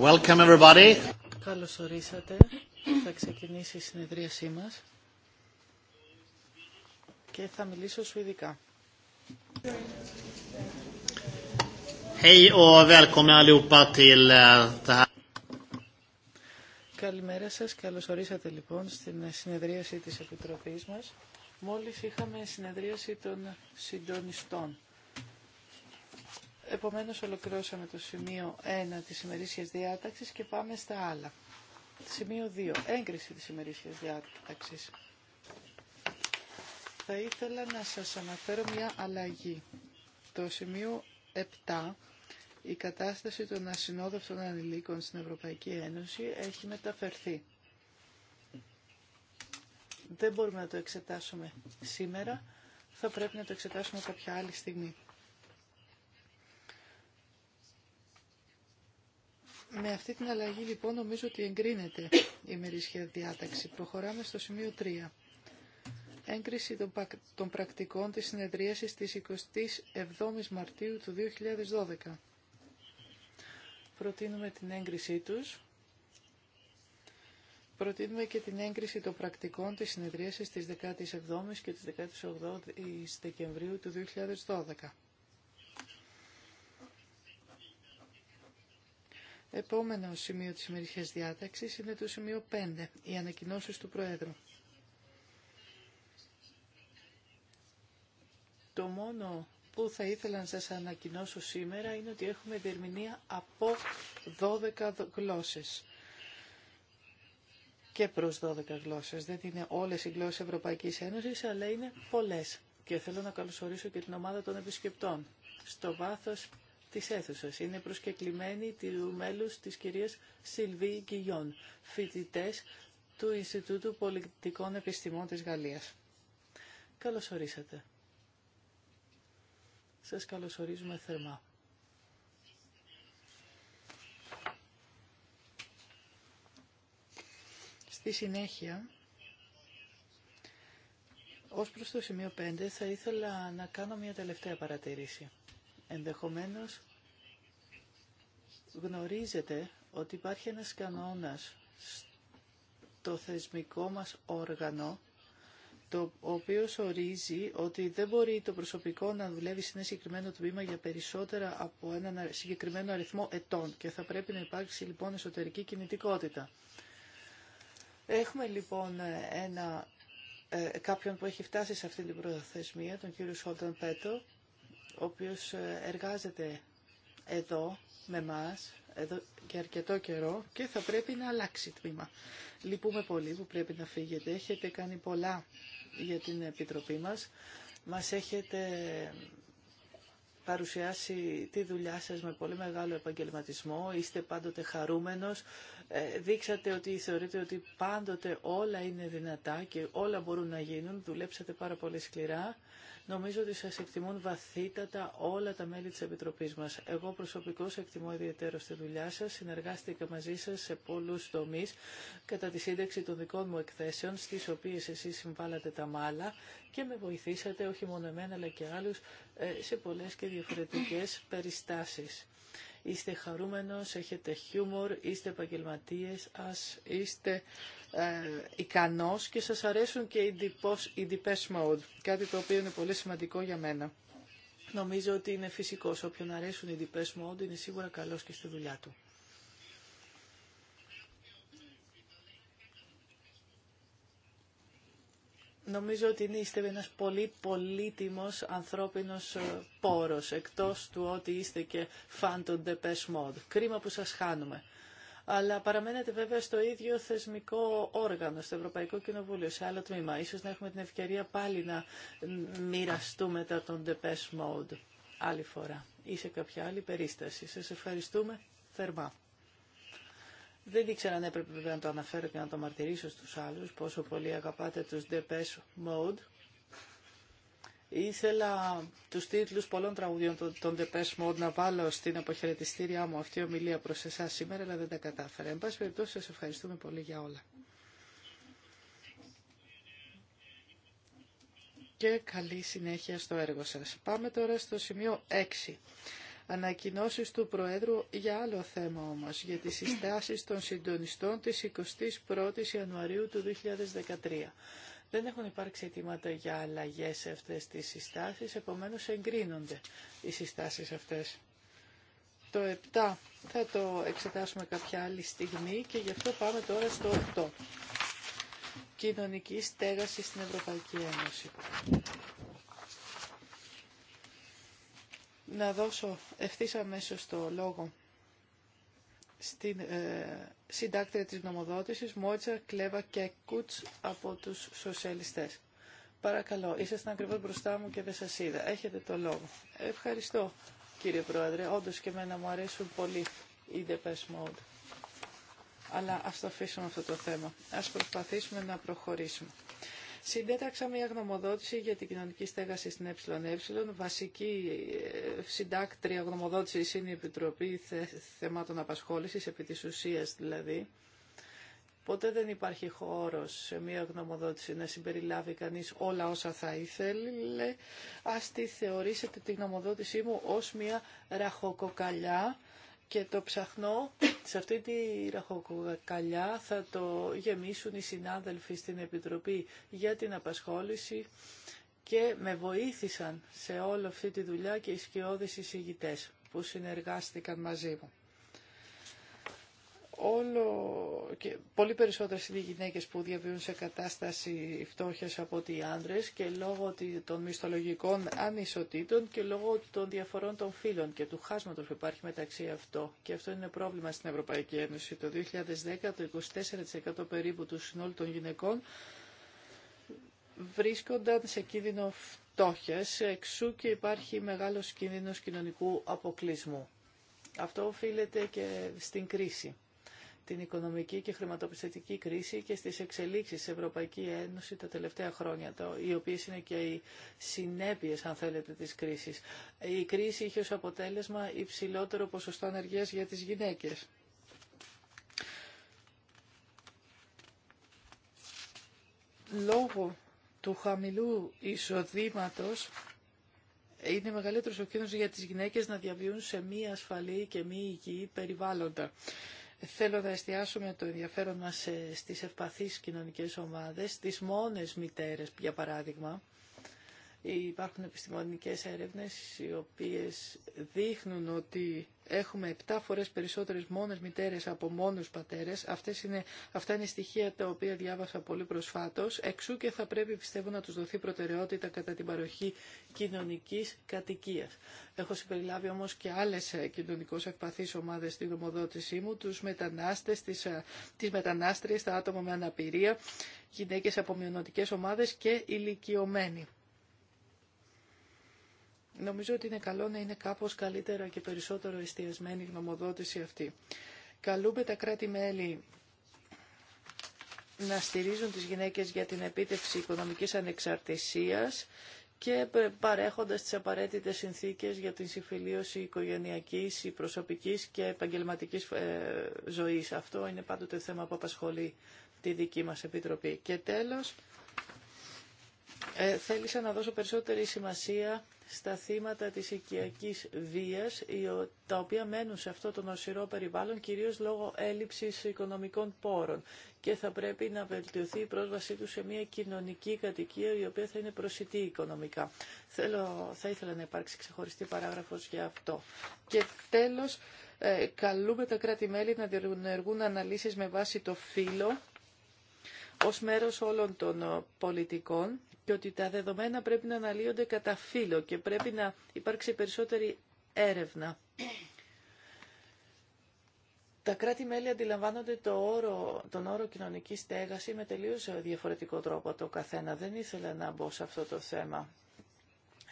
Welcome everybody. Καλώς ορίσατε. Θα ξεκινήσει η συνεδρίασή μας και θα μιλήσω σουηδικά. Hej och välkomna till eh, det här. Καλημέρα σας. Καλώς ορίσατε λοιπόν στην συνεδρίαση της Επιτροπής μας. Μόλις είχαμε συνεδρίαση των συντονιστών. Επομένως ολοκληρώσαμε το σημείο 1 της ημερήσιας διάταξης και πάμε στα άλλα. Σημείο 2. Έγκριση της ημερήσιας διάταξης. Θα ήθελα να σας αναφέρω μια αλλαγή. Το σημείο 7 η κατάσταση των ασυνόδευτων ανηλίκων στην Ευρωπαϊκή Ένωση έχει μεταφερθεί. Δεν μπορούμε να το εξετάσουμε σήμερα, θα πρέπει να το εξετάσουμε κάποια άλλη στιγμή. Με αυτή την αλλαγή λοιπόν νομίζω ότι εγκρίνεται η μερίσχια διάταξη. Προχωράμε στο σημείο 3. Έγκριση των πρακτικών της συνεδρίασης της 27ης Μαρτίου του 2012. Προτείνουμε την έγκρισή τους. Προτείνουμε και την έγκριση των πρακτικών της συνεδρίασης της 17ης και της 18ης Δεκεμβρίου του 2012. Επόμενο σημείο της ημερικής διάταξης είναι το σημείο 5, οι ανακοινώσεις του Προέδρου. Το μόνο που θα ήθελα να σας ανακοινώσω σήμερα είναι ότι έχουμε διερμηνία από 12 γλώσσες και προς 12 γλώσσες. Δεν είναι όλες οι γλώσσες Ευρωπαϊκής Ένωσης, αλλά είναι πολλές. Και θέλω να καλωσορίσω και την ομάδα των επισκεπτών. Στο βάθος της αίθουσας. Είναι προσκεκλημένη του μέλους της κυρίας Σιλβί Γκυγιόν, φοιτητέ του Ινστιτούτου Πολιτικών Επιστημών της Γαλλίας. Καλώς ορίσατε. Σας καλωσορίζουμε θερμά. Στη συνέχεια, ως προς το σημείο 5, θα ήθελα να κάνω μια τελευταία παρατήρηση. Ενδεχομένως γνωρίζετε ότι υπάρχει ένας κανόνας στο θεσμικό μας όργανο το οποίο ορίζει ότι δεν μπορεί το προσωπικό να δουλεύει σε ένα συγκεκριμένο τμήμα για περισσότερα από ένα συγκεκριμένο αριθμό ετών και θα πρέπει να υπάρξει λοιπόν εσωτερική κινητικότητα. Έχουμε λοιπόν ένα, ε, κάποιον που έχει φτάσει σε αυτή την προθεσμία, τον κύριο Σόλταν Πέτο, ο οποίος ε, εργάζεται εδώ με μας εδώ και αρκετό καιρό και θα πρέπει να αλλάξει τμήμα. Λυπούμε πολύ που πρέπει να φύγετε. Έχετε κάνει πολλά για την Επιτροπή μας. Μας έχετε παρουσιάσει τη δουλειά σας με πολύ μεγάλο επαγγελματισμό. Είστε πάντοτε χαρούμενος. Ε, δείξατε ότι θεωρείτε ότι πάντοτε όλα είναι δυνατά και όλα μπορούν να γίνουν. Δουλέψατε πάρα πολύ σκληρά. Νομίζω ότι σας εκτιμούν βαθύτατα όλα τα μέλη της Επιτροπής μας. Εγώ προσωπικώς εκτιμώ ιδιαίτερο στη δουλειά σας. Συνεργάστηκα μαζί σας σε πολλούς τομείς κατά τη σύνταξη των δικών μου εκθέσεων, στις οποίες εσείς συμβάλλατε τα μάλα και με βοηθήσατε όχι μόνο εμένα αλλά και άλλους ε, σε πολλές και διαφορετικές περιστάσεις. Είστε χαρούμενος, έχετε χιούμορ, είστε επαγγελματίε, είστε ε, ικανός και σας αρέσουν και οι Depeche Mode, κάτι το οποίο είναι πολύ σημαντικό για μένα. Νομίζω ότι είναι φυσικός. Όποιον αρέσουν οι Depeche Mode είναι σίγουρα καλός και στη δουλειά του. Νομίζω ότι είστε ένας πολύ πολύτιμος ανθρώπινος ε, πόρος, εκτός του ότι είστε και φαν των Depeche Mode. Κρίμα που σας χάνουμε. Αλλά παραμένετε βέβαια στο ίδιο θεσμικό όργανο, στο Ευρωπαϊκό Κοινοβούλιο, σε άλλο τμήμα. Ίσως να έχουμε την ευκαιρία πάλι να μοιραστούμε τα των Depeche Mode άλλη φορά ή σε κάποια άλλη περίσταση. Σας ευχαριστούμε θερμά. Δεν ήξερα αν έπρεπε να το αναφέρω και να το μαρτυρήσω στους άλλους πόσο πολύ αγαπάτε τους Depeche Mode. Ήθελα τους τίτλους πολλών τραγουδιών των Depeche Mode να βάλω στην αποχαιρετιστήριά μου αυτή η ομιλία προς εσάς σήμερα, αλλά δεν τα κατάφερα. Εν πάση περιπτώσει σας ευχαριστούμε πολύ για όλα. Και καλή συνέχεια στο έργο σας. Πάμε τώρα στο σημείο 6 Ανακοινώσεις του Προέδρου για άλλο θέμα όμως, για τις συστάσεις των συντονιστών της 21ης Ιανουαρίου του 2013. Δεν έχουν υπάρξει αιτήματα για αλλαγές σε αυτές τις συστάσεις, επομένως εγκρίνονται οι συστάσεις αυτές. Το 7 θα το εξετάσουμε κάποια άλλη στιγμή και γι' αυτό πάμε τώρα στο 8. Κοινωνική στέγαση στην Ευρωπαϊκή Ένωση. να δώσω ευθύ αμέσω το λόγο στην ε, συντάκτρια της νομοδότησης, Μότσα, Κλέβα και Κούτς από τους σοσιαλιστές. Παρακαλώ, ήσασταν ακριβώς μπροστά μου και δεν σας είδα. Έχετε το λόγο. Ευχαριστώ, κύριε Πρόεδρε. Όντως και εμένα μου αρέσουν πολύ οι Depeche Mode. Αλλά ας το αφήσουμε αυτό το θέμα. Ας προσπαθήσουμε να προχωρήσουμε. Συντέταξα μια γνωμοδότηση για την κοινωνική στέγαση στην ΕΕ. Βασική ε, συντάκτρια γνωμοδότηση είναι η Επιτροπή Θεμάτων Απασχόλησης, επί τη ουσία, δηλαδή. Ποτέ δεν υπάρχει χώρος σε μία γνωμοδότηση να συμπεριλάβει κανείς όλα όσα θα ήθελε. Ας τη θεωρήσετε τη γνωμοδότησή μου ως μία ραχοκοκαλιά και το ψαχνό σε αυτή τη ραχοκοκαλιά θα το γεμίσουν οι συνάδελφοι στην Επιτροπή για την απασχόληση και με βοήθησαν σε όλη αυτή τη δουλειά και οι σκιώδεις εισηγητές που συνεργάστηκαν μαζί μου όλο και πολύ περισσότερες είναι οι γυναίκες που διαβιούν σε κατάσταση φτώχειας από ότι οι άνδρες και λόγω των μισθολογικών ανισοτήτων και λόγω των διαφορών των φύλων και του χάσματος που υπάρχει μεταξύ αυτό. Και αυτό είναι πρόβλημα στην Ευρωπαϊκή Ένωση. Το 2010 το 24% περίπου του συνόλου των γυναικών βρίσκονταν σε κίνδυνο φτώχειας, εξού και υπάρχει μεγάλος κίνδυνος κοινωνικού αποκλεισμού. Αυτό οφείλεται και στην κρίση την οικονομική και χρηματοπιστωτική κρίση και στις εξελίξεις της Ευρωπαϊκή Ένωση τα τελευταία χρόνια, το, οι οποίες είναι και οι συνέπειες, αν θέλετε, της κρίσης. Η κρίση είχε ως αποτέλεσμα υψηλότερο ποσοστό ανεργίας για τις γυναίκες. Λόγω του χαμηλού εισοδήματος είναι μεγαλύτερος ο κίνδυνος για τις γυναίκες να διαβιούν σε μη ασφαλή και μη υγιή περιβάλλοντα. Θέλω να εστιάσουμε το ενδιαφέρον μας ε, στις ευπαθείς κοινωνικές ομάδες, τις μόνες μητέρες, για παράδειγμα, Υπάρχουν επιστημονικές έρευνες οι οποίες δείχνουν ότι έχουμε 7 φορές περισσότερες μόνες μητέρες από μόνους πατέρες. Αυτές είναι, αυτά είναι στοιχεία τα οποία διάβασα πολύ προσφάτως. Εξού και θα πρέπει πιστεύω να τους δοθεί προτεραιότητα κατά την παροχή κοινωνικής κατοικίας. Έχω συμπεριλάβει όμως και άλλες ε, κοινωνικώς ευπαθείς ομάδες στη δομοδότησή μου, τους μετανάστες, τις, ε, τις μετανάστριες, τα άτομα με αναπηρία, γυναίκες από μειονοτικές ομάδες και ηλικιωμένοι. Νομίζω ότι είναι καλό να είναι κάπως καλύτερα και περισσότερο εστιασμένη η γνωμοδότηση αυτή. Καλούμε τα κράτη-μέλη να στηρίζουν τις γυναίκες για την επίτευξη οικονομικής ανεξαρτησίας και παρέχοντας τις απαραίτητες συνθήκες για την συμφιλίωση οικογενειακής, προσωπικής και επαγγελματικής ε, ζωής. Αυτό είναι πάντοτε θέμα που απασχολεί τη δική μας Επιτροπή. Και τέλος, ε, θέλησα να δώσω περισσότερη σημασία στα θύματα της οικιακής βίας, τα οποία μένουν σε αυτό το νοσηρό περιβάλλον, κυρίως λόγω έλλειψης οικονομικών πόρων. Και θα πρέπει να βελτιωθεί η πρόσβασή τους σε μια κοινωνική κατοικία, η οποία θα είναι προσιτή οικονομικά. Θέλω, θα ήθελα να υπάρξει ξεχωριστή παράγραφος για αυτό. Και τέλος, ε, καλούμε τα κράτη-μέλη να διενεργούν αναλύσεις με βάση το φύλλο, ως μέρος όλων των ε, πολιτικών και ότι τα δεδομένα πρέπει να αναλύονται κατά φύλλο και πρέπει να υπάρξει περισσότερη έρευνα. Τα κράτη-μέλη αντιλαμβάνονται το όρο, τον όρο κοινωνική στέγαση με τελείως διαφορετικό τρόπο το καθένα. Δεν ήθελα να μπω σε αυτό το θέμα.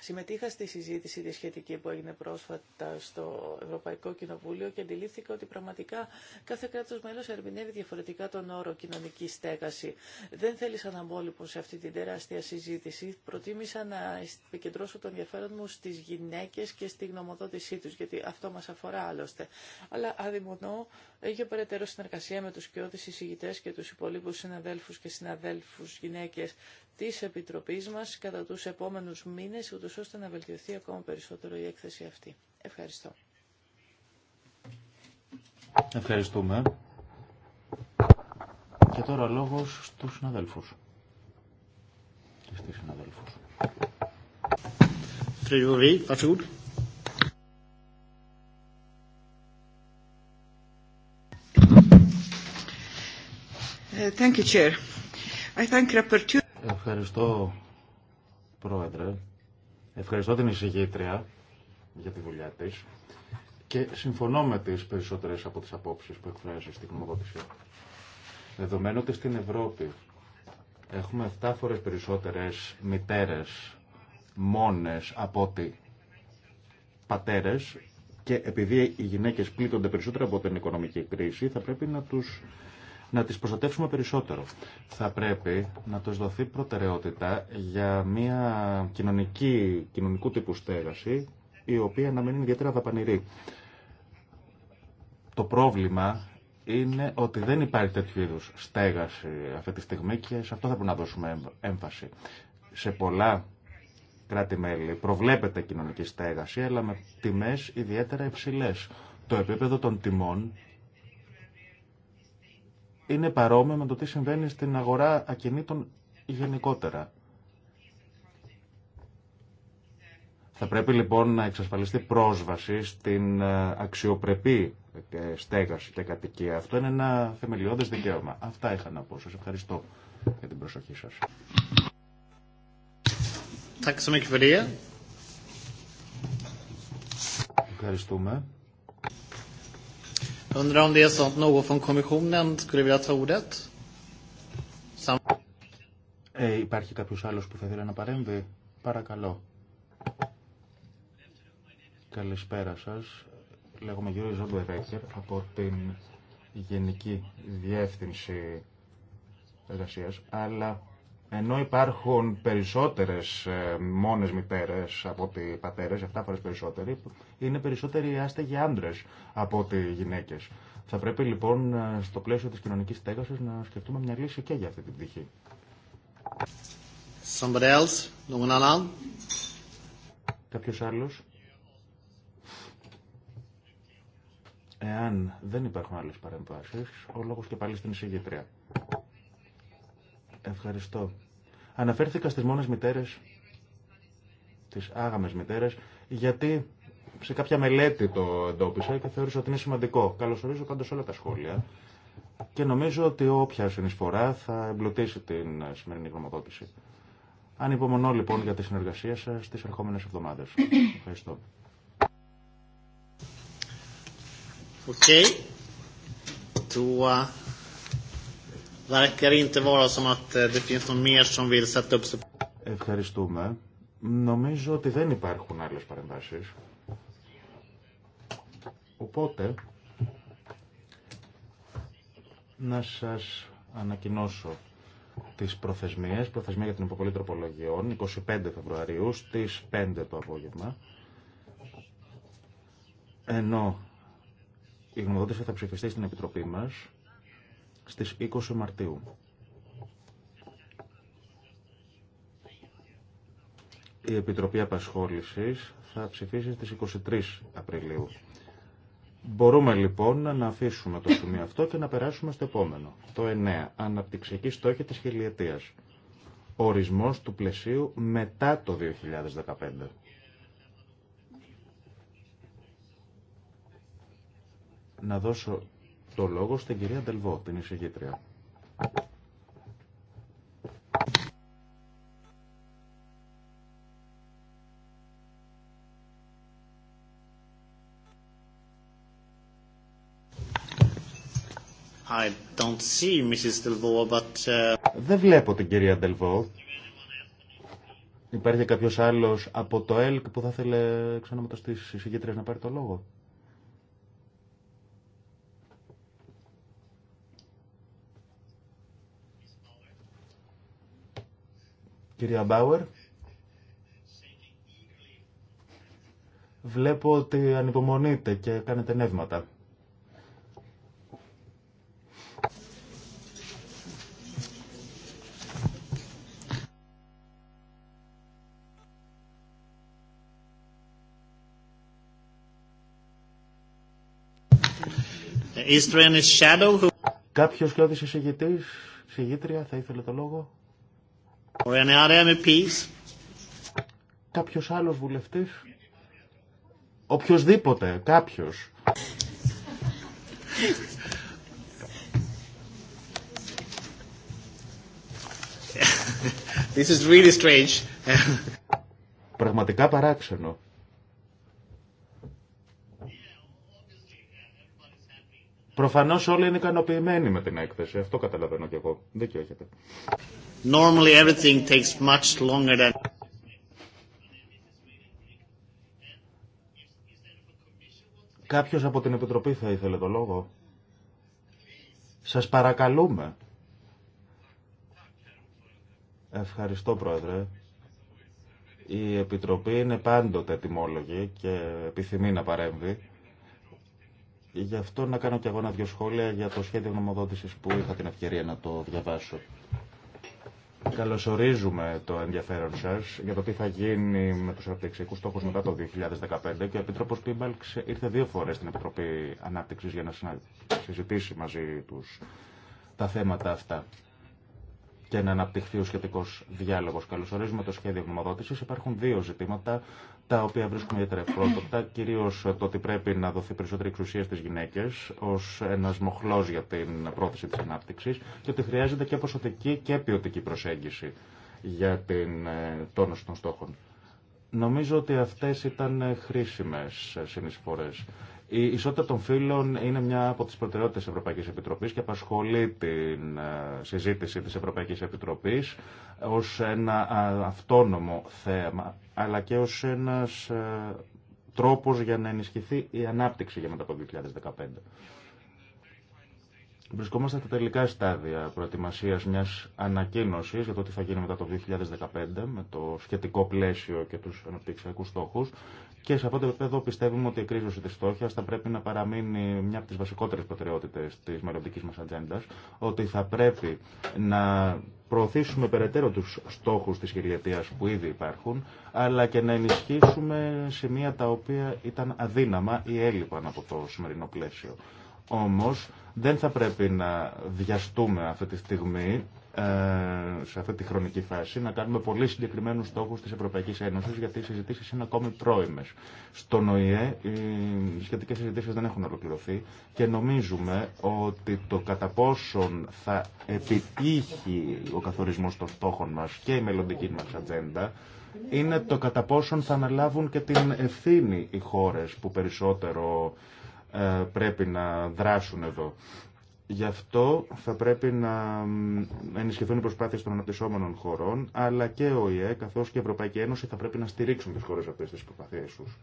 Συμμετείχα στη συζήτηση τη σχετική που έγινε πρόσφατα στο Ευρωπαϊκό Κοινοβούλιο και αντιλήφθηκα ότι πραγματικά κάθε κράτο μέλο ερμηνεύει διαφορετικά τον όρο κοινωνική στέγαση. Δεν θέλησα να μπω λοιπόν, σε αυτή την τεράστια συζήτηση. Προτίμησα να επικεντρώσω τον ενδιαφέρον μου στι γυναίκε και στη γνωμοδότησή του, γιατί αυτό μα αφορά άλλωστε. Αλλά αδειμονώ για περαιτέρω συνεργασία με του κοιόδη συζητητέ και του υπολείπου συναδέλφου και συναδέλφου γυναίκε της Επιτροπής μας κατά τους επόμενους μήνες, ούτως ώστε να βελτιωθεί ακόμα περισσότερο η έκθεση αυτή. Ευχαριστώ. Ευχαριστούμε. Και τώρα λόγος στους συναδέλφους. Στους συναδέλφους. Uh, thank you, Chair. I thank Rapporteur. Ευχαριστώ, Πρόεδρε. Ευχαριστώ την εισηγήτρια για τη δουλειά της και συμφωνώ με τις περισσότερες από τις απόψεις που εκφράζει στη γνωμοδότηση. Δεδομένου ότι στην Ευρώπη έχουμε 7 φορές περισσότερες μητέρες μόνες από ότι πατέρες και επειδή οι γυναίκες πλήττονται περισσότερο από την οικονομική κρίση θα πρέπει να τους να τις προστατεύσουμε περισσότερο. Θα πρέπει να τους δοθεί προτεραιότητα για μια κοινωνική, κοινωνικού τύπου στέγαση η οποία να μην είναι ιδιαίτερα δαπανηρή. Το πρόβλημα είναι ότι δεν υπάρχει τέτοιου είδους στέγαση αυτή τη στιγμή και σε αυτό θα πρέπει να δώσουμε έμφαση. Σε πολλά κράτη-μέλη προβλέπεται κοινωνική στέγαση, αλλά με τιμές ιδιαίτερα υψηλές. Το επίπεδο των τιμών είναι παρόμοιο με το τι συμβαίνει στην αγορά ακινήτων γενικότερα. Θα πρέπει λοιπόν να εξασφαλιστεί πρόσβαση στην ε, αξιοπρεπή ε, στέγαση και κατοικία. Αυτό είναι ένα θεμελιώδες δικαίωμα. Αυτά είχα να πω. Σας ευχαριστώ για την προσοχή σας. Ευχαριστούμε. Undrar om det är så att någon från kommissionen skulle vilja ta ordet? Ε, υπάρχει κάποιο άλλο που θα ήθελε να παρέμβει. Παρακαλώ. Καλησπέρα σα. Λέγομαι Γιώργο Ζόμπερέκερ από την Γενική Διεύθυνση Εργασία. αλλά ενώ υπάρχουν περισσότερε ε, μόνε μητέρε από ότι πατέρε, 7 φορέ περισσότεροι, είναι περισσότεροι άστεγοι άντρε από ότι γυναίκε. Θα πρέπει λοιπόν ε, στο πλαίσιο τη κοινωνική στέγαση να σκεφτούμε μια λύση και για αυτή την πτυχή. Somebody else? Κάποιος Εάν δεν υπάρχουν άλλες παρεμβάσεις, ο λόγος και πάλι στην εισηγητρία. Ευχαριστώ. Αναφέρθηκα στις μόνες μητέρες, τις άγαμες μητέρες, γιατί σε κάποια μελέτη το εντόπισα και θεώρησα ότι είναι σημαντικό. Καλωσορίζω πάντως όλα τα σχόλια και νομίζω ότι όποια συνεισφορά θα εμπλουτίσει την σημερινή γνωμοδότηση. Αν υπομονώ λοιπόν για τη συνεργασία σας τις ερχόμενες εβδομάδες. Ευχαριστώ. Uh, verkar inte vara som att eh, det finns någon mer som vill sätta upp sig. Ευχαριστούμε. Νομίζω ότι δεν υπάρχουν άλλες παρεμβάσεις. Οπότε, να σας ανακοινώσω τις προθεσμίες. Προθεσμία για την υποβολή τροπολογιών, 25 Φεβρουαρίου στις 5 το απόγευμα. Ενώ η γνωμοδότηση θα ψηφιστεί στην Επιτροπή μας στις 20 Μαρτίου. Η Επιτροπή Απασχόλησης θα ψηφίσει στις 23 Απριλίου. Μπορούμε λοιπόν να αφήσουμε το σημείο αυτό και να περάσουμε στο επόμενο. Το 9. Αναπτυξιακή στόχη της χιλιετίας. Ορισμός του πλαισίου μετά το 2015. Να δώσω το λόγο στην κυρία Ντελβό, την εισηγήτρια. I don't see Mrs. Delvaux, but... Uh, Δεν βλέπω την κυρία Ντελβό. Υπάρχει κάποιος άλλος από το ΕΛΚ που θα ήθελε ξανά με το στις να πάρει το λόγο. Κυρία Μπάουερ. Βλέπω ότι ανυπομονείτε και κάνετε νεύματα. Κάποιος κλώδης εισηγητής, εισηγήτρια, θα ήθελε το λόγο. Ναι, κάποιος άλλος βουλευτής. Οποιοςδήποτε, κάποιος. This is really strange. Πραγματικά παράξενο. Προφανώ όλοι είναι ικανοποιημένοι με την έκθεση. Αυτό καταλαβαίνω κι εγώ. Δίκιο έχετε. Normally everything takes much longer than... Κάποιος από την Επιτροπή θα ήθελε το λόγο. Σας παρακαλούμε. Ευχαριστώ, Πρόεδρε. Η Επιτροπή είναι πάντοτε ετοιμόλογη και επιθυμεί να παρέμβει. Γι' αυτό να κάνω κι εγώ ένα-δυο σχόλια για το σχέδιο νομοδότησης που είχα την ευκαιρία να το διαβάσω. Καλωσορίζουμε το ενδιαφέρον σα για το τι θα γίνει με του αναπτυξιακού στόχου μετά το 2015 και ο Επίτροπο Πίμπαλξ ήρθε δύο φορέ στην Επιτροπή Ανάπτυξη για να συζητήσει μαζί του τα θέματα αυτά και να αναπτυχθεί ο σχετικό διάλογο. Καλωσορίζουμε το σχέδιο γνωμοδότηση. Υπάρχουν δύο ζητήματα τα οποία βρίσκουμε ιδιαίτερα ευπρόσδεκτα, κυρίω το ότι πρέπει να δοθεί περισσότερη εξουσία στι γυναίκε ω ένα μοχλό για την πρόθεση τη ανάπτυξη και ότι χρειάζεται και ποσοτική και ποιοτική προσέγγιση για την ε, τόνωση των στόχων. Νομίζω ότι αυτές ήταν χρήσιμες συνεισφορές. Η ισότητα των φύλων είναι μια από τις προτεραιότητες της Ευρωπαϊκής Επιτροπής και απασχολεί την ε, συζήτηση της Ευρωπαϊκής Επιτροπής ως ένα αυτόνομο θέμα, αλλά και ως ένας ε, τρόπος για να ενισχυθεί η ανάπτυξη για μετά το 2015. Βρισκόμαστε στα τελικά στάδια προετοιμασία μια ανακοίνωση για το τι θα γίνει μετά το 2015 με το σχετικό πλαίσιο και του αναπτυξιακού στόχου. Και σε αυτό το επίπεδο πιστεύουμε ότι η κρίση τη φτώχεια θα πρέπει να παραμείνει μια από τι βασικότερε προτεραιότητε τη μελλοντική μα ατζέντα. Ότι θα πρέπει να προωθήσουμε περαιτέρω του στόχου τη χιλιετία που ήδη υπάρχουν, αλλά και να ενισχύσουμε σημεία τα οποία ήταν αδύναμα ή έλειπαν από το σημερινό πλαίσιο. Όμως δεν θα πρέπει να βιαστούμε αυτή τη στιγμή ε, σε αυτή τη χρονική φάση να κάνουμε πολύ συγκεκριμένους στόχους της Ευρωπαϊκής Ένωση, γιατί οι συζητήσεις είναι ακόμη πρώιμες. Στον ΟΗΕ οι σχετικές συζητήσεις δεν έχουν ολοκληρωθεί και νομίζουμε ότι το κατά πόσον θα επιτύχει ο καθορισμός των στόχων μας και η μελλοντική μας ατζέντα είναι το κατά πόσον θα αναλάβουν και την ευθύνη οι χώρε που περισσότερο ε, πρέπει να δράσουν εδώ. Γι' αυτό θα πρέπει να ενισχυθούν οι προσπάθειες των αναπτυσσόμενων χωρών, αλλά και ο ΙΕ, καθώς και η Ευρωπαϊκή Ένωση θα πρέπει να στηρίξουν τις χώρες αυτές τις προσπάθειές τους.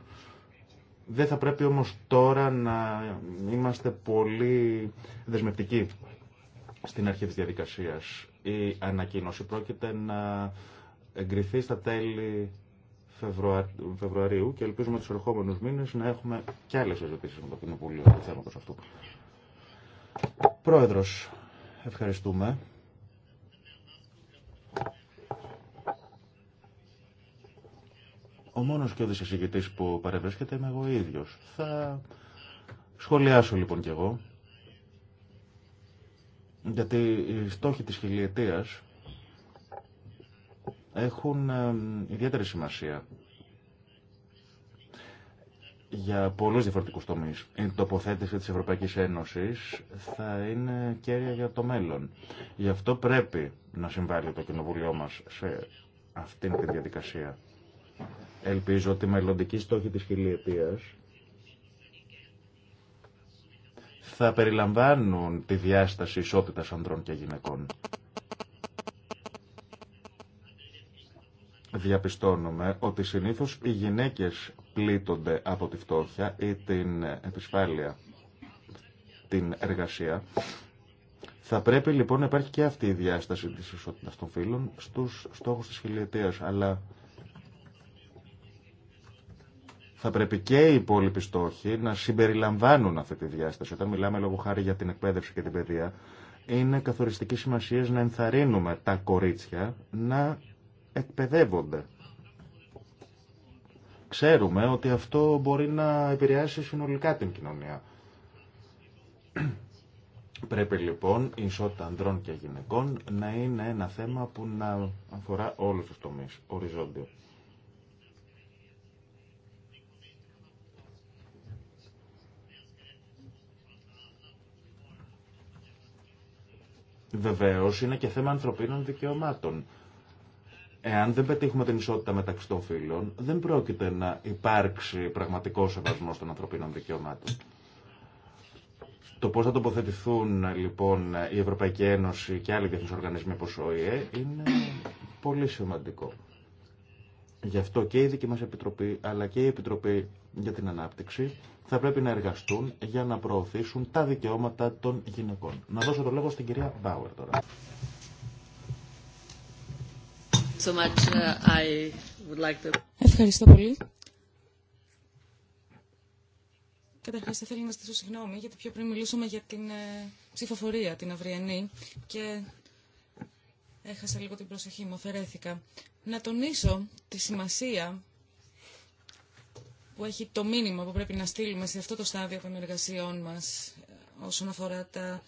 Δεν θα πρέπει όμως τώρα να είμαστε πολύ δεσμευτικοί στην αρχή της διαδικασίας. Η ανακοίνωση πρόκειται να εγκριθεί στα τέλη Φεβρουαρίου και ελπίζουμε του ερχόμενου μήνες να έχουμε και άλλε συζητήσει με το Κοινοβούλιο του θέματο αυτού. Πρόεδρος, ευχαριστούμε. Ο μόνος και ο δισεισηγητής που παρευρίσκεται είμαι εγώ ίδιο. Θα σχολιάσω λοιπόν κι εγώ, γιατί οι στόχοι της χιλιετίας έχουν ιδιαίτερη σημασία για πολλούς διαφορετικούς τομείς. Η τοποθέτηση της Ευρωπαϊκής Ένωσης θα είναι κέρια για το μέλλον. Γι' αυτό πρέπει να συμβάλλει το Κοινοβούλιο μας σε αυτήν την διαδικασία. Ελπίζω ότι οι μελλοντικοί στόχοι της χιλιετίας θα περιλαμβάνουν τη διάσταση ισότητας ανδρών και γυναικών. διαπιστώνουμε ότι συνήθως οι γυναίκες πλήττονται από τη φτώχεια ή την επισφάλεια, την εργασία. Θα πρέπει λοιπόν να υπάρχει και αυτή η διάσταση της ισότητας των φύλων στους στόχους της χιλιετίας, αλλά θα πρέπει και οι υπόλοιποι στόχοι να συμπεριλαμβάνουν αυτή τη διάσταση. Όταν μιλάμε λόγω χάρη για την εκπαίδευση και την παιδεία, είναι καθοριστική σημασία να ενθαρρύνουμε τα κορίτσια να εκπαιδεύονται. Ξέρουμε ότι αυτό μπορεί να επηρεάσει συνολικά την κοινωνία. Πρέπει λοιπόν η ισότητα ανδρών και γυναικών να είναι ένα θέμα που να αφορά όλους τους τομείς, οριζόντιο. Βεβαίω είναι και θέμα ανθρωπίνων δικαιωμάτων. Εάν δεν πετύχουμε την ισότητα μεταξύ των φύλων, δεν πρόκειται να υπάρξει πραγματικό σεβασμό των ανθρωπίνων δικαιωμάτων. Το πώ θα τοποθετηθούν λοιπόν η Ευρωπαϊκή Ένωση και άλλοι διεθνεί οργανισμοί όπω ο ΟΗΕ είναι πολύ σημαντικό. Γι' αυτό και η δική μα Επιτροπή αλλά και η Επιτροπή για την Ανάπτυξη θα πρέπει να εργαστούν για να προωθήσουν τα δικαιώματα των γυναικών. Να δώσω το λόγο στην κυρία Μπάουερ τώρα. Uh, Ευχαριστώ πολύ. Καταρχά, θα ήθελα να στήσω συγγνώμη, γιατί πιο πριν μιλούσαμε για την ε, ψηφοφορία, την αυριανή, και έχασα λίγο την προσοχή μου, αφαιρέθηκα. Να τονίσω τη σημασία που έχει το μήνυμα που πρέπει να στείλουμε σε αυτό το στάδιο των εργασιών μα ε, όσον αφορά τα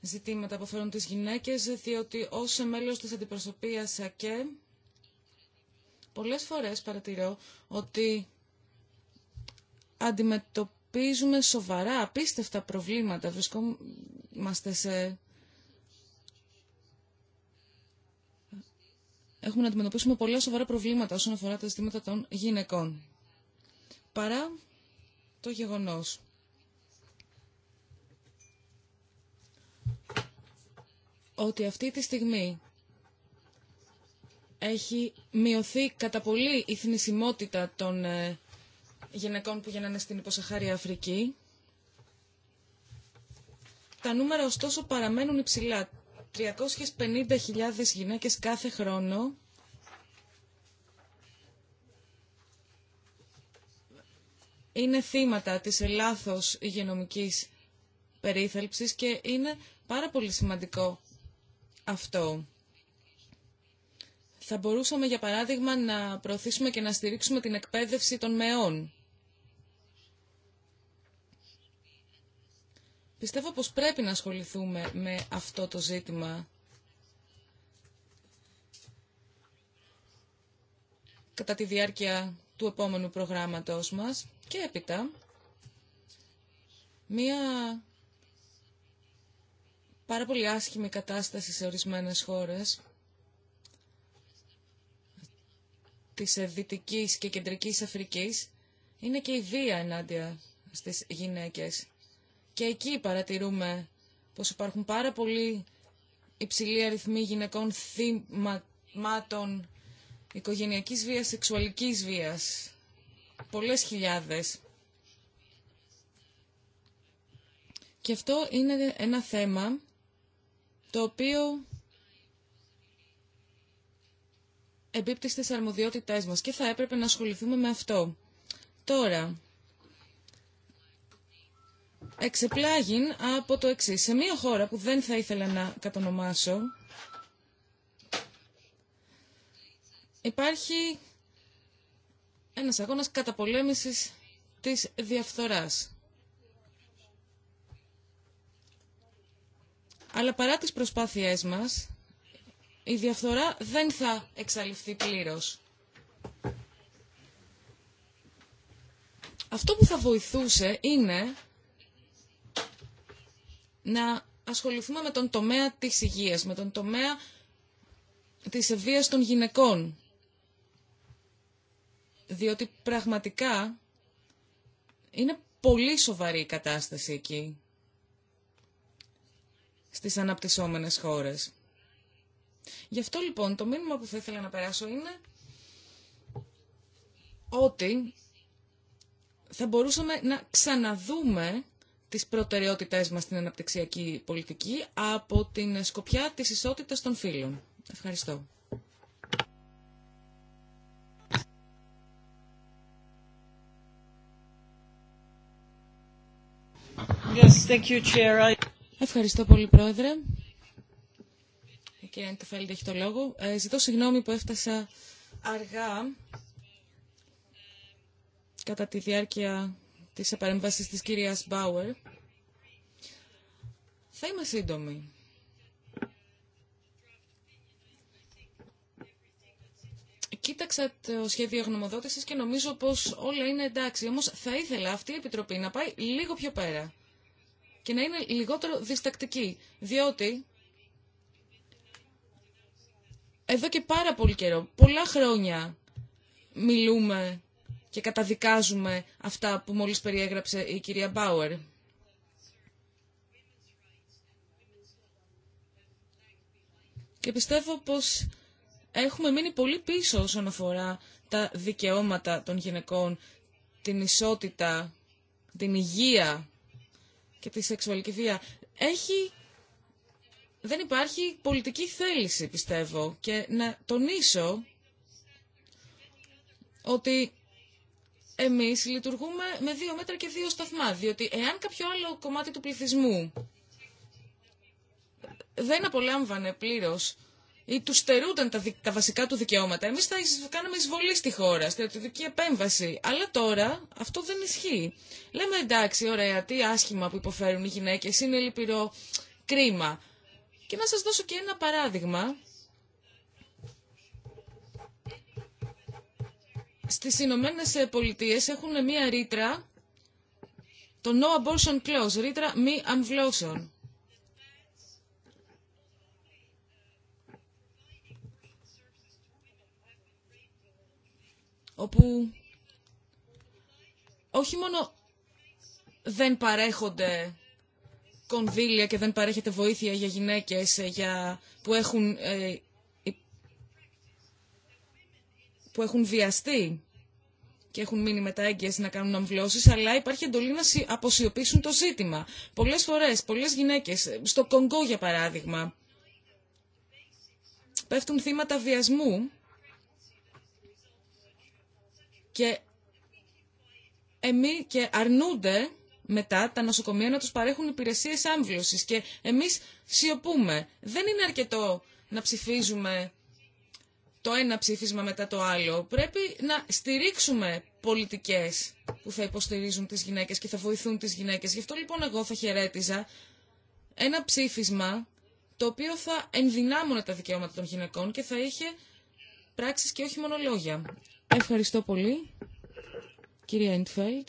ζητήματα που αφορούν τις γυναίκες, διότι ως μέλος της αντιπροσωπείας ΑΚΕ, πολλές φορές παρατηρώ ότι αντιμετωπίζουμε σοβαρά, απίστευτα προβλήματα. Βρισκόμαστε σε... Έχουμε να αντιμετωπίσουμε πολλά σοβαρά προβλήματα όσον αφορά τα ζητήματα των γυναικών. Παρά το γεγονός ότι αυτή τη στιγμή έχει μειωθεί κατά πολύ η θνησιμότητα των ε, γυναικών που γεννάνε στην υποσαχάρια Αφρική. Τα νούμερα ωστόσο παραμένουν υψηλά. 350.000 γυναίκες κάθε χρόνο είναι θύματα της ελάθος υγειονομικής περίθαλψης και είναι πάρα πολύ σημαντικό αυτό. Θα μπορούσαμε, για παράδειγμα, να προωθήσουμε και να στηρίξουμε την εκπαίδευση των μεών. Πιστεύω πως πρέπει να ασχοληθούμε με αυτό το ζήτημα. κατά τη διάρκεια του επόμενου προγράμματος μας και έπειτα μία πάρα πολύ άσχημη κατάσταση σε ορισμένες χώρες της Δυτικής και Κεντρικής Αφρικής είναι και η βία ενάντια στις γυναίκες. Και εκεί παρατηρούμε πως υπάρχουν πάρα πολλοί υψηλοί αριθμοί γυναικών θύματων οικογενειακής βίας, σεξουαλικής βίας. Πολλές χιλιάδες. Και αυτό είναι ένα θέμα το οποίο εμπίπτει στις αρμοδιότητές μας και θα έπρεπε να ασχοληθούμε με αυτό. Τώρα, εξεπλάγει από το εξή. Σε μία χώρα που δεν θα ήθελα να κατονομάσω, υπάρχει ένας αγώνας καταπολέμησης της διαφθοράς. Αλλά παρά τις προσπάθειές μας, η διαφθορά δεν θα εξαλειφθεί πλήρως. Αυτό που θα βοηθούσε είναι να ασχοληθούμε με τον τομέα της υγείας, με τον τομέα της ευβίας των γυναικών. Διότι πραγματικά είναι πολύ σοβαρή η κατάσταση εκεί στις αναπτυσσόμενες χώρες. Γι' αυτό λοιπόν το μήνυμα που θα ήθελα να περάσω είναι ότι θα μπορούσαμε να ξαναδούμε τις προτεραιότητές μας στην αναπτυξιακή πολιτική από την σκοπιά της ισότητας των φύλων. Ευχαριστώ. Yes, thank you, Chair. Ευχαριστώ πολύ, Πρόεδρε. Η κυρία έχει το λόγο. Ε, ζητώ συγγνώμη που έφτασα αργά κατά τη διάρκεια της επαρέμβασης της κυρίας Μπάουερ. Θα είμαι σύντομη. Κοίταξα το σχέδιο γνωμοδότησης και νομίζω πως όλα είναι εντάξει. Όμως θα ήθελα αυτή η Επιτροπή να πάει λίγο πιο πέρα και να είναι λιγότερο διστακτική, διότι εδώ και πάρα πολύ καιρό, πολλά χρόνια μιλούμε και καταδικάζουμε αυτά που μόλις περιέγραψε η κυρία Μπάουερ. Και πιστεύω πως έχουμε μείνει πολύ πίσω όσον αφορά τα δικαιώματα των γυναικών, την ισότητα, την υγεία και τη σεξουαλική βία. Έχει... Δεν υπάρχει πολιτική θέληση, πιστεύω. Και να τονίσω ότι εμείς λειτουργούμε με δύο μέτρα και δύο σταθμά, διότι εάν κάποιο άλλο κομμάτι του πληθυσμού δεν απολάμβανε πλήρως ή του στερούνταν τα, τα βασικά του δικαιώματα. Εμεί θα κάναμε εισβολή στη χώρα, στρατιωτική επέμβαση. Αλλά τώρα αυτό δεν ισχύει. Λέμε εντάξει, ωραία, τι άσχημα που υποφέρουν οι γυναίκε, είναι λυπηρό, κρίμα. Και να σα δώσω και ένα παράδειγμα. Στις Ηνωμένε Πολιτείε έχουν μία ρήτρα, το No Abortion Clause, ρήτρα μη αμβλώσεων. όπου όχι μόνο δεν παρέχονται κονδύλια και δεν παρέχεται βοήθεια για γυναίκες ε, για, που, έχουν, ε, που έχουν βιαστεί και έχουν μείνει μετά έγκυες να κάνουν αμβλώσεις, αλλά υπάρχει εντολή να αποσιωπήσουν το ζήτημα. Πολλές φορές, πολλές γυναίκες, ε, στο Κονγκό για παράδειγμα, πέφτουν θύματα βιασμού και, εμείς, και αρνούνται μετά τα νοσοκομεία να τους παρέχουν υπηρεσίες άμβλωσης και εμείς σιωπούμε. Δεν είναι αρκετό να ψηφίζουμε το ένα ψήφισμα μετά το άλλο. Πρέπει να στηρίξουμε πολιτικές που θα υποστηρίζουν τις γυναίκες και θα βοηθούν τις γυναίκες. Γι' αυτό λοιπόν εγώ θα χαιρέτιζα ένα ψήφισμα το οποίο θα ενδυνάμωνε τα δικαιώματα των γυναικών και θα είχε πράξεις και όχι μόνο λόγια. Ευχαριστώ πολύ, κυρία Ιντφέλτ.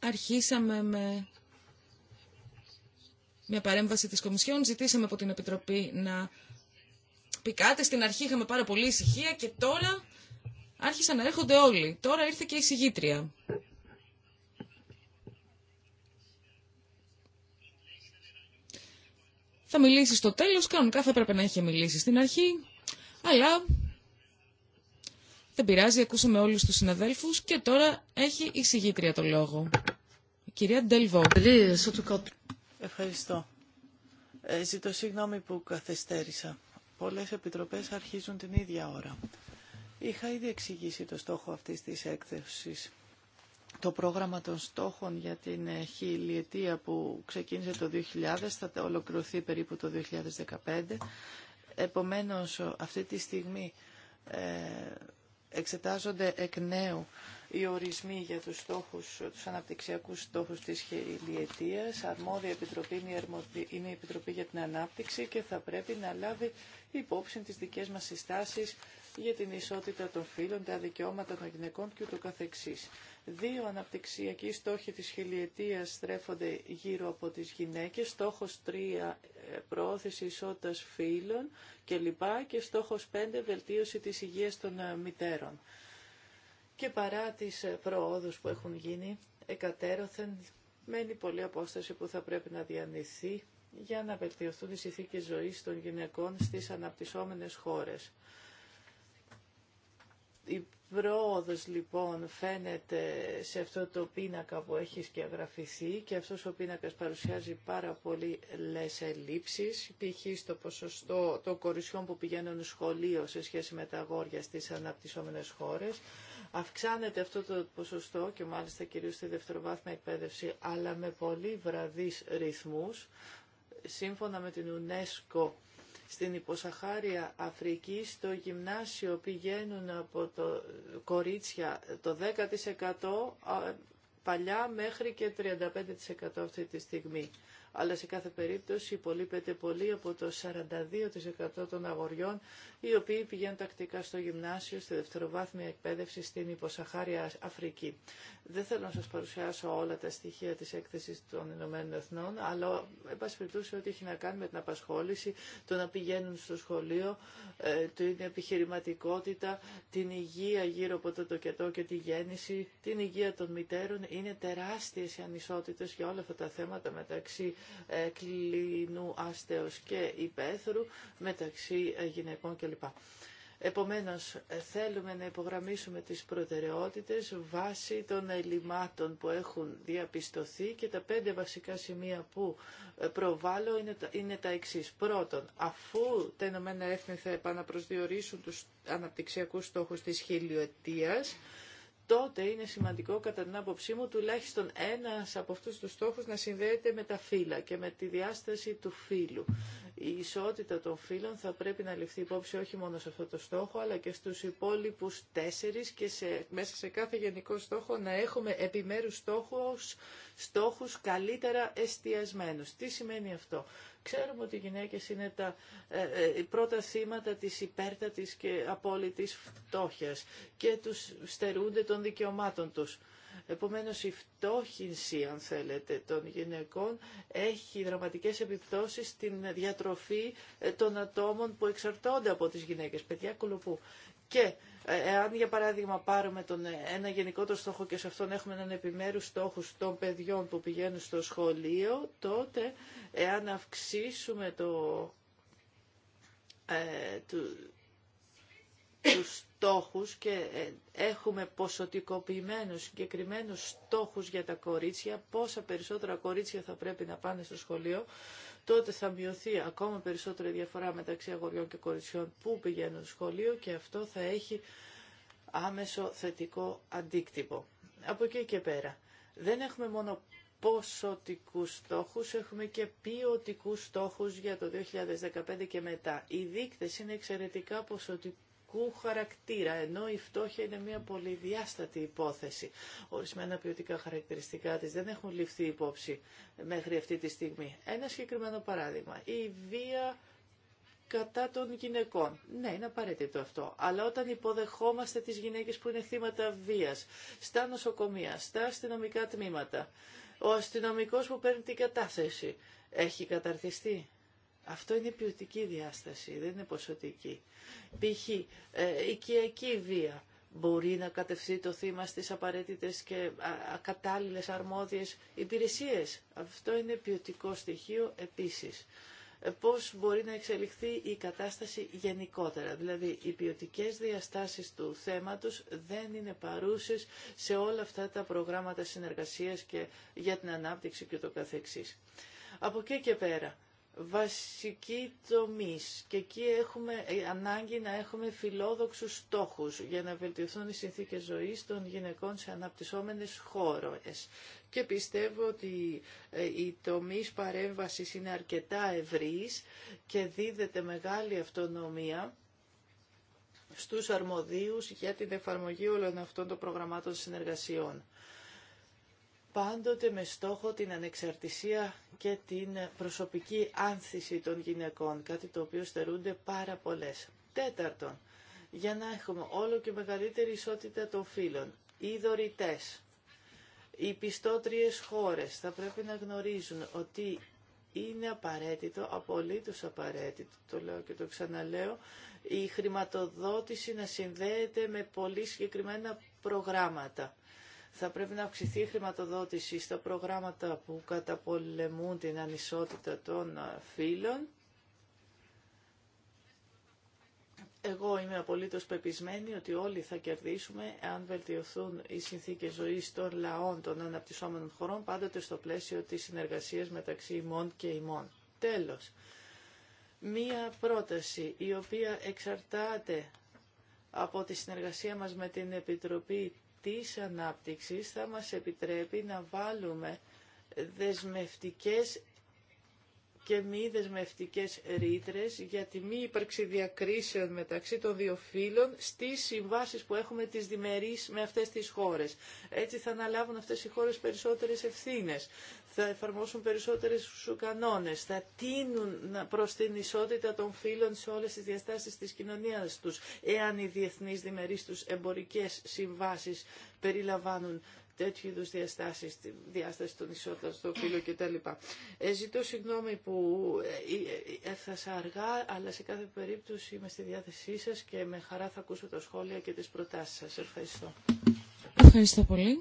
Αρχίσαμε με μια παρέμβαση της Κομισιόν, ζητήσαμε από την Επιτροπή να πει κάτι. Στην αρχή είχαμε πάρα πολύ ησυχία και τώρα άρχισαν να έρχονται όλοι. Τώρα ήρθε και η συγγήτρια. θα μιλήσει στο τέλος, κανονικά θα έπρεπε να είχε μιλήσει στην αρχή, αλλά δεν πειράζει, ακούσαμε όλους τους συναδέλφους και τώρα έχει η το λόγο. κυρία Ντελβό. Ευχαριστώ. Ε, ζητώ συγγνώμη που καθυστέρησα. Πολλές επιτροπές αρχίζουν την ίδια ώρα. Είχα ήδη εξηγήσει το στόχο αυτής της έκθεσης το πρόγραμμα των στόχων για την χιλιετία που ξεκίνησε το 2000 θα ολοκληρωθεί περίπου το 2015. Επομένως, αυτή τη στιγμή ε, εξετάζονται εκ νέου οι ορισμοί για τους, στόχους, τους αναπτυξιακούς στόχους της χιλιετίας. Αρμόδια επιτροπή είναι η Επιτροπή για την Ανάπτυξη και θα πρέπει να λάβει υπόψη τις δικές μας συστάσεις για την ισότητα των φύλων, τα δικαιώματα των γυναικών και ούτω καθεξής. Δύο αναπτυξιακοί στόχοι της χιλιετίας στρέφονται γύρω από τις γυναίκες, στόχος 3 ε, προώθηση ισότητας φύλων κλπ. και στόχος 5 βελτίωση της υγείας των ε, μητέρων. Και παρά τις ε, προόδους που έχουν γίνει, εκατέρωθεν μένει πολλή απόσταση που θα πρέπει να διανυθεί για να βελτιωθούν οι συνθήκες ζωής των γυναικών στις αναπτυσσόμενες χώρες. Η πρόοδος λοιπόν φαίνεται σε αυτό το πίνακα που έχει σκιαγραφηθεί και αυτός ο πίνακας παρουσιάζει πάρα πολύ λες ελλείψεις, π.χ. στο ποσοστό των κορισιών που πηγαίνουν σχολείο σε σχέση με τα αγόρια στις αναπτυσσόμενες χώρες. Αυξάνεται αυτό το ποσοστό και μάλιστα κυρίως στη δευτεροβάθμια εκπαίδευση, αλλά με πολύ βραδείς ρυθμούς. Σύμφωνα με την UNESCO στην υποσαχάρια Αφρική στο γυμνάσιο πηγαίνουν από το κορίτσια το 10% παλιά μέχρι και 35% αυτή τη στιγμή αλλά σε κάθε περίπτωση υπολείπεται πολύ από το 42% των αγοριών οι οποίοι πηγαίνουν τακτικά στο γυμνάσιο, στη δευτεροβάθμια εκπαίδευση στην υποσαχάρια Αφρική. Δεν θέλω να σας παρουσιάσω όλα τα στοιχεία της έκθεσης των Ηνωμένων Εθνών, αλλά εν ό,τι έχει να κάνει με την απασχόληση, το να πηγαίνουν στο σχολείο, ε, την επιχειρηματικότητα, την υγεία γύρω από το τοκετό και τη γέννηση, την υγεία των μητέρων, είναι τεράστιες οι ανισότητες για όλα αυτά τα θέματα μεταξύ ε, κλινού άστεως και υπαίθρου μεταξύ ε, γυναικών κλπ. Επομένως, ε, θέλουμε να υπογραμμίσουμε τις προτεραιότητες βάσει των ελλημάτων που έχουν διαπιστωθεί και τα πέντε βασικά σημεία που προβάλλω είναι τα, είναι τα εξής. Πρώτον, αφού τα Ηνωμένα Έθνη θα επαναπροσδιορίσουν τους αναπτυξιακούς στόχους της χιλιοετίας, τότε είναι σημαντικό κατά την άποψή μου τουλάχιστον ένας από αυτούς τους στόχους να συνδέεται με τα φύλλα και με τη διάσταση του φύλου. Η ισότητα των φύλων θα πρέπει να ληφθεί υπόψη όχι μόνο σε αυτό το στόχο αλλά και στους υπόλοιπους τέσσερις και σε, μέσα σε κάθε γενικό στόχο να έχουμε επιμέρους στόχους, στόχους καλύτερα εστιασμένους. Τι σημαίνει αυτό. Ξέρουμε ότι οι γυναίκες είναι τα ε, ε, πρώτα θύματα της υπέρτατης και απόλυτης φτώχειας και τους στερούνται των δικαιωμάτων τους. Επομένως η φτώχυνση, αν θέλετε, των γυναικών έχει δραματικές επιπτώσεις στην διατροφή ε, των ατόμων που εξαρτώνται από τις γυναίκες, παιδιά κολοπού. Και ε, εάν για παράδειγμα πάρουμε τον, ένα γενικότερο στόχο και σε αυτόν έχουμε έναν επιμέρους στόχο των παιδιών που πηγαίνουν στο σχολείο, τότε εάν αυξήσουμε το, ε, του, τους στόχους και ε, έχουμε ποσοτικοποιημένους συγκεκριμένους στόχους για τα κορίτσια, πόσα περισσότερα κορίτσια θα πρέπει να πάνε στο σχολείο, τότε θα μειωθεί ακόμα περισσότερη διαφορά μεταξύ αγοριών και κοριτσιών που πηγαίνουν στο σχολείο και αυτό θα έχει άμεσο θετικό αντίκτυπο. Από εκεί και πέρα. Δεν έχουμε μόνο ποσοτικούς στόχους, έχουμε και ποιοτικούς στόχους για το 2015 και μετά. Οι δείκτες είναι εξαιρετικά ποσοτικοί ποιοτικού χαρακτήρα, ενώ η φτώχεια είναι μια πολυδιάστατη υπόθεση. Ορισμένα ποιοτικά χαρακτηριστικά της δεν έχουν ληφθεί υπόψη μέχρι αυτή τη στιγμή. Ένα συγκεκριμένο παράδειγμα, η βία κατά των γυναικών. Ναι, είναι απαραίτητο αυτό. Αλλά όταν υποδεχόμαστε τις γυναίκες που είναι θύματα βίας, στα νοσοκομεία, στα αστυνομικά τμήματα, ο αστυνομικός που παίρνει την κατάθεση έχει καταρτιστεί αυτό είναι ποιοτική διάσταση, δεν είναι ποσοτική. Π.χ. Ε, οικιακή βία μπορεί να κατευθεί το θύμα στις απαραίτητες και ακατάλληλες αρμόδιες υπηρεσίες. Αυτό είναι ποιοτικό στοιχείο επίσης. Ε, πώς μπορεί να εξελιχθεί η κατάσταση γενικότερα. Δηλαδή, οι ποιοτικέ διαστάσεις του θέματος δεν είναι παρούσες σε όλα αυτά τα προγράμματα συνεργασίας και για την ανάπτυξη και το καθεξής. Από εκεί και πέρα, Βασική τομείς και εκεί έχουμε ε, ανάγκη να έχουμε φιλόδοξους στόχους για να βελτιωθούν οι συνθήκες ζωής των γυναικών σε αναπτυσσόμενες χώρες. Και πιστεύω ότι η ε, τομείς παρέμβασης είναι αρκετά ευρύς και δίδεται μεγάλη αυτονομία στους αρμοδίους για την εφαρμογή όλων αυτών των προγραμμάτων συνεργασιών πάντοτε με στόχο την ανεξαρτησία και την προσωπική άνθηση των γυναικών, κάτι το οποίο στερούνται πάρα πολλές. Τέταρτον, για να έχουμε όλο και μεγαλύτερη ισότητα των φύλων, οι δωρητές, οι πιστότριες χώρες θα πρέπει να γνωρίζουν ότι είναι απαραίτητο, απολύτως απαραίτητο, το λέω και το ξαναλέω, η χρηματοδότηση να συνδέεται με πολύ συγκεκριμένα προγράμματα. Θα πρέπει να αυξηθεί η χρηματοδότηση στα προγράμματα που καταπολεμούν την ανισότητα των ε, φύλων. Εγώ είμαι απολύτως πεπισμένη ότι όλοι θα κερδίσουμε αν βελτιωθούν οι συνθήκες ζωής των λαών των αναπτυσσόμενων χωρών πάντοτε στο πλαίσιο της συνεργασίας μεταξύ ημών και ημών. Τέλος, μία πρόταση η οποία εξαρτάται από τη συνεργασία μας με την Επιτροπή της ανάπτυξης θα μας επιτρέπει να βάλουμε δεσμευτικές και μη δεσμευτικές ρήτρε για τη μη ύπαρξη διακρίσεων μεταξύ των δύο φύλων στις συμβάσεις που έχουμε τις διμερείς με αυτές τις χώρες. Έτσι θα αναλάβουν αυτές οι χώρες περισσότερες ευθύνες θα εφαρμόσουν περισσότερες κανόνες, θα τίνουν προς την ισότητα των φύλων σε όλες τις διαστάσεις της κοινωνίας τους, εάν οι διεθνείς διμερείς τους εμπορικές συμβάσεις περιλαμβάνουν τέτοιου είδου διαστάσεις, τη διάσταση των ισότητας στο φύλων κτλ. Ε, ζητώ συγγνώμη που ε, ε, ε, έφτασα αργά, αλλά σε κάθε περίπτωση είμαι στη διάθεσή σας και με χαρά θα ακούσω τα σχόλια και τις προτάσεις σας. Ευχαριστώ. Ευχαριστώ πολύ.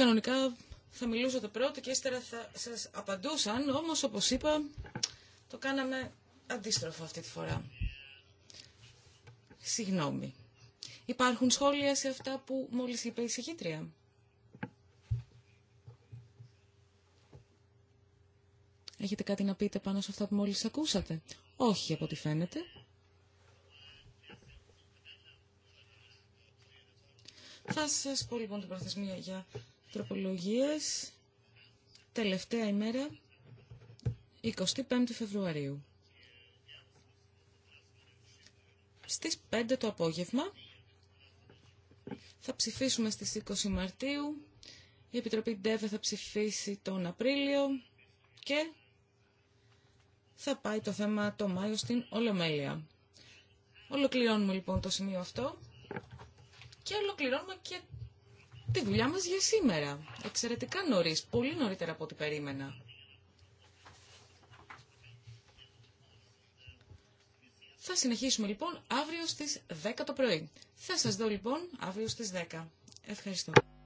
Κανονικά θα μιλούσατε πρώτο και ύστερα θα σας απαντούσαν, όμως όπως είπα το κάναμε αντίστροφο αυτή τη φορά. Συγγνώμη. Υπάρχουν σχόλια σε αυτά που μόλις είπε η συγκήτρια. Έχετε κάτι να πείτε πάνω σε αυτά που μόλις ακούσατε. Όχι από ό,τι φαίνεται. Θα σας πω λοιπόν την προθεσμία για τροπολογίες, τελευταία ημέρα, 25 Φεβρουαρίου. Στις 5 το απόγευμα θα ψηφίσουμε στις 20 Μαρτίου, η Επιτροπή ΔΕΒΕ θα ψηφίσει τον Απρίλιο και θα πάει το θέμα το Μάιο στην Ολομέλεια. Ολοκληρώνουμε λοιπόν το σημείο αυτό και ολοκληρώνουμε και τη δουλειά μας για σήμερα. Εξαιρετικά νωρίς, πολύ νωρίτερα από ό,τι περίμενα. Θα συνεχίσουμε λοιπόν αύριο στις 10 το πρωί. Θα σας δω λοιπόν αύριο στις 10. Ευχαριστώ.